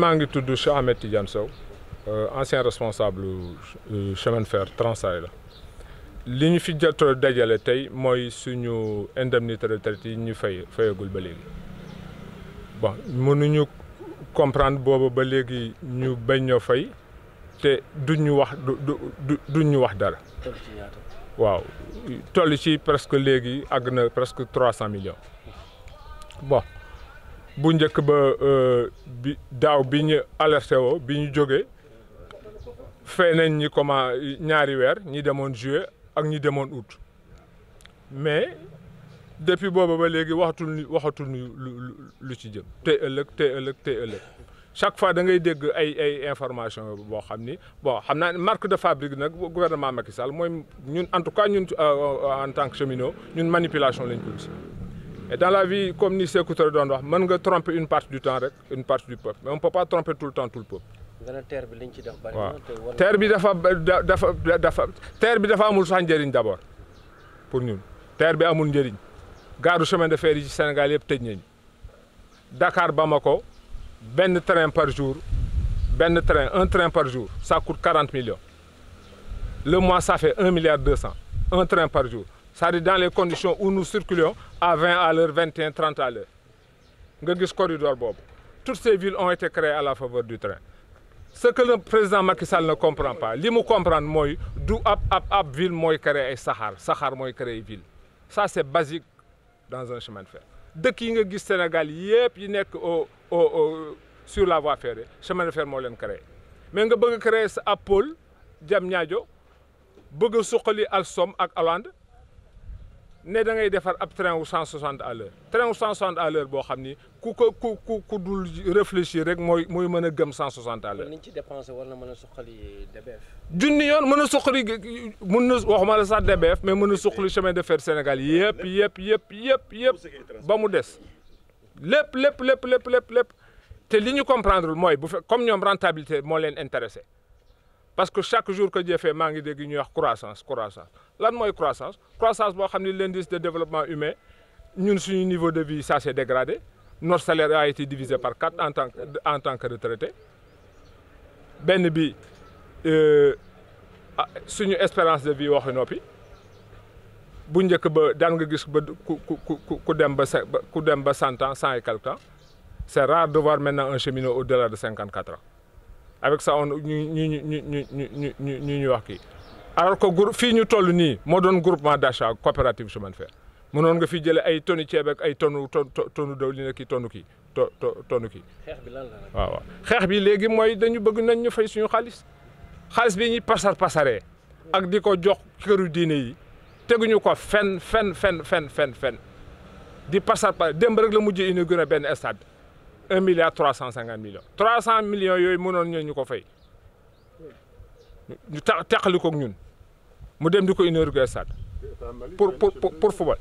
maa ngi tudd Cheikh Ahmed Tidiane Sow euh, ancien responsable euh, chemin de fer Transaï la li ñu fi jot dajale tey mooy suñu indemnité de yi ñu fay fayagul ba léegi bon mënuñu comprendre boobu ba léegi ñu bañ ñoo fay te du ñu wax du du ñu wax dara waaw toll ci presque léegi àgg na presque trois cent millions bon bu njëkk ba euh, bi daaw bi ñu alerté woo bi ñu jógee fay nañ ñi comment ñaari weer ñi demoon juillet ak ñi demoon août mais depuis booba ba léegi waxatul ñu waxatul ñu lu ci jëm tey ëllëg tey ëllëg tey ëllëg chaque fois da ngay dégg ay ay information boo xam ni bon xam naa marque de fabrique nag gouvernement Macky Sall mooy ñun en tout cas ñun euh, en tant que cheminot ñun manipulation lañ ko gis et dans la vie comme ni Sékou Touré doon wax mën nga tromper une partie du temps rek une partie du peuple mais on peut pas tromper tout le temps tout le peuple. bi liñ ci dafa dafa dafa bi dafa amul sax njariñ d' abord pour ñun terre bi amul njëriñ gar chemin de fer yi ci Sénégal yëpp tëj nañu Dakar Bamako benn train par jour benn train un train par jour ça coûte quarante le mois ça fait un milliard deux cent un train par jour. cest dans les conditions où nous à 20 à l'heure 21 30 nga gis corridor boobu toutes ces villes on été créées à la faveur du train ce président Macky Sall ne comprend pas li mu comprendre mooy du ab ab ab ville mooy créer ay saxaar saxaar mooy créer ville ça c'est basique dans un chemin de fer dëkk yi nga gis Sénégal yëpp yi nekk au sur la voie ferrée chemin de fer moo leen créé mais nga bëgg créer sa ab pôle Diamniadio bëgg a suqali Alstom ak Hollande ne da ngay defar ab train wu 160 à l'heure train wu 160 à l'heure boo xam ni ku ko ku ku ku dul réfléchir rek mooy mooy mën a gëm 160 à l'heure. ni ñu ci dépensé war na mën a suqali DBF. junni yoon mën a suqali mën na waxuma la sax DBF mais mën a suqali chemin de fer Sénégal yëpp yëpp yëpp yëpp yëpp ba mu des lépp lépp lépp lépp lépp lépp te li ñu comprendre mooy bu fekk comme ñoom rentabilité moo leen intéressé. parce que chaque jour que Dieu fait maa ngi dégg ñu wax croissance croissance lan mooy croissance croissance boo xam ne l'indice de développement humain ñun suñu niveau de vie ça s'est dégradé notre salaire a été divisé par quatre en tant que en tant que retraité benn bi euh, ah, suñu espérance de vie waxi noppi bu njëkk ba daan nga gis ba ku ku ku dem ba ku dem ba cent ans cent et quelque ans c'est rare de voir un cheminot au-delà de cinquante avec sa on ñu ñu ñu ñu ñu ñu ñu ñu wax kii alors ko groupe fii ñu toll nii moo doon groupement d'achat coopérative chemin de fer mënoon nga fi jëlee ay tonni ceeb ak ay tonnu tonnu daw li nekk kii tonnu kii to tonnu kii. xeex bi lan la waaw xeex bi léegi mooy dañu bëgg nañ ñu fay suñu xaalis xaalis bi ñuy pasar pasaree ak di ko jox këru diine yi teguñu ko fen fen fen fen fen fen di pasar pasare démb rek la mujj inauguré benn stade un milliard trois cent cinquante millions trois cent millions yooyu mënoon ñoo ñu ko fay ñu tax teqali koog ñun mu dem di ko inauguré stade pour pour pour football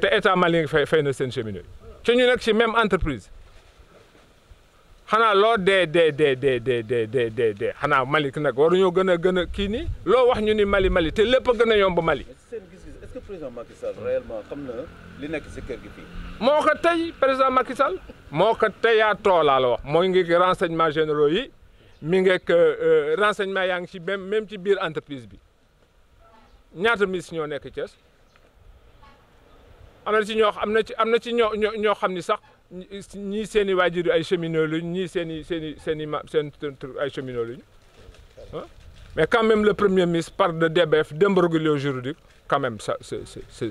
te état Mali fay fay na seen cheminot te ñu nekk ci même entreprise xanaa loo dee dee dee dee dee dee dee dee xanaa Mali nag waruñoo gën a gën a kii ni loo wax ñu ni Mali Mali te lépp a gën a yomb Mali. est-ce que président xam na li nekk ci kër gi moo ko tey président Macky moo ko teyaatoo laa la wax moo ngi renseignement généraux yi mi ngeek euh, euh, renseignement yaa ngi ci même même ci biir entreprise bi ñaata miss ñoo nekk Thiès am na ci ñoo am na ci am na ci ñoo ñoo xam ni sax ñii seeni i waajur ay cheminots luñ ñii seen i seen seen i ma seen ay cheminots luñ mais quand le premier ministre parle de DBF d'imbrogglio juridique quand même ça c'est c'est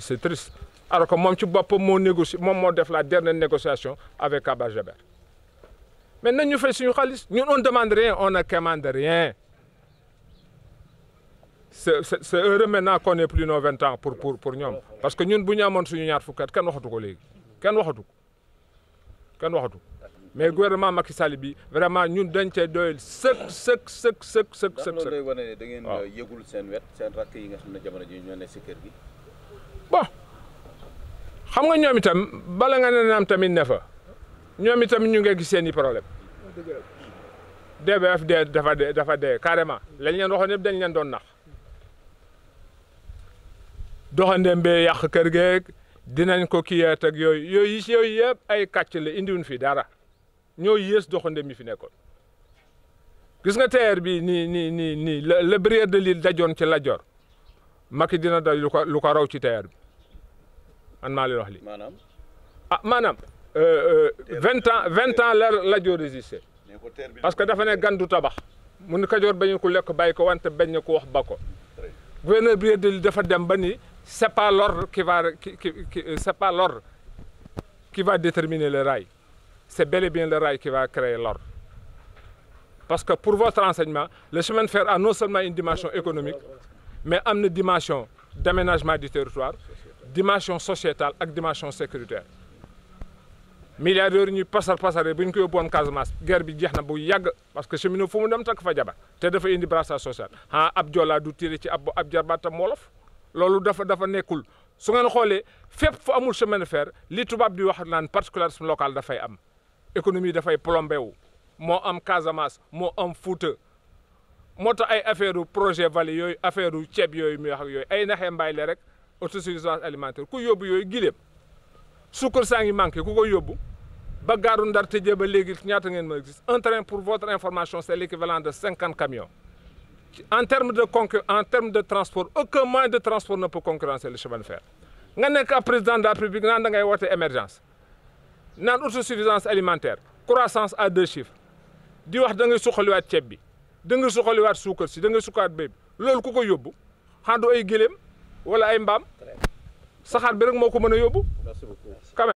alors que moom ci boppam moo négocie moom moo def la dernière négociation avec Kaba Jaber mais nañ ñu fay suñu xaalis ñun on demande rien on ne commande rien c'est c'est heureux maintenant qu'on ait plus nos vingt ans pour pour pour ñoom parce que ñun bu ñu amoon suñu ñaar fukkat kenn waxatu ko léegi kenn waxatu ko kenn waxatu ko mais gouvernement maki Sall bi vraiment ñun dañ cee doyal sëkk sëkk sëkk sëkk sëkk sëkk sëkk da ngeen yëgul seen wet seen rakk yi nga xam ne jamono ji ñoo si kër gi xam nga ñoom itam bala nga ne naam tamit ne fa ñoom itam ñu ngi gis seen problème de dee dafa dee dafa dee carrément lañ leen waxoon yëpp dañ leen doon nax doxandeem bee yàq kër geeg dinañ ko kiyaat ak yooyu yooyu yooyu yëpp ay kàcc la indiwuñ fi dara ñoo yées doxandeem mi fi nekkoon gis nga teer bi nii nii nii nii le le brière de l'île dajoon ci lajoor Joor Macky dina daj lu ko raw ci teer bi man maa leen wax li ah maanaam euh, euh, vingt ans vingt ans la la joo résisté parce que dafa ne gan du tabax mu ne Kajoor bañu ko lekk bàyyi ko wante bañ ko wax ba ko gouverneur bi de dafa dem ba ni c'est pas l'ordre qui va qui qui c'est pas l'ordre déterminer le rail c'est bel bien le rail qui va créer l'ordre parce que pour votre renseignement le chemin de fer a non seulement une dimension économique mais am na dimension d'aménagement du territoire dimension societal ak dimension sécuritaire milliardaires ñuy pasar pasare bu ñu ko yóbbu woon Casamance guerre bi jeex na bu yàgg parce que cheminot fu mu dem takk fa jabar te dafa indi brassage social ah ab joolaa du tiré ci ab ab jarbaatam wolof loolu dafa dafa nekkul su ngeen xoolee fépp fu amul chemin de li tubaab di wax naan particularisme local dafay am économie dafay plombé wu moo am Casamance moo am Fouta moo tax ay affaire projet vallée yooyu affaire u ceeb yooyu muy wax ak yooyu ay naxee mbaay la rek autosuffisance alimentaire ku yóbbu yooyu giléem sukkar saa ngi manqué ku ko yóbbu ba gaaru Ndar tëjee ba léegi ñaata ngeen ma gis un train pour votre information c' est de cinquante camions en terme de concur en terme de transport aucun moyen de transport ne peut concurrencer le chemin de fer nga nekk ab président de la République naan da ngay woote émergence naan autosuffisance alimentaire croissance à deux chiffres di wax da ngay suqaliwaat ceeb bi da nga soxaliwaat suukar si da nga sukkaat loolu ku ko yóbbu xanaa ay gëléem wala ay mbaam saxaar bi moo ko mën a yóbbu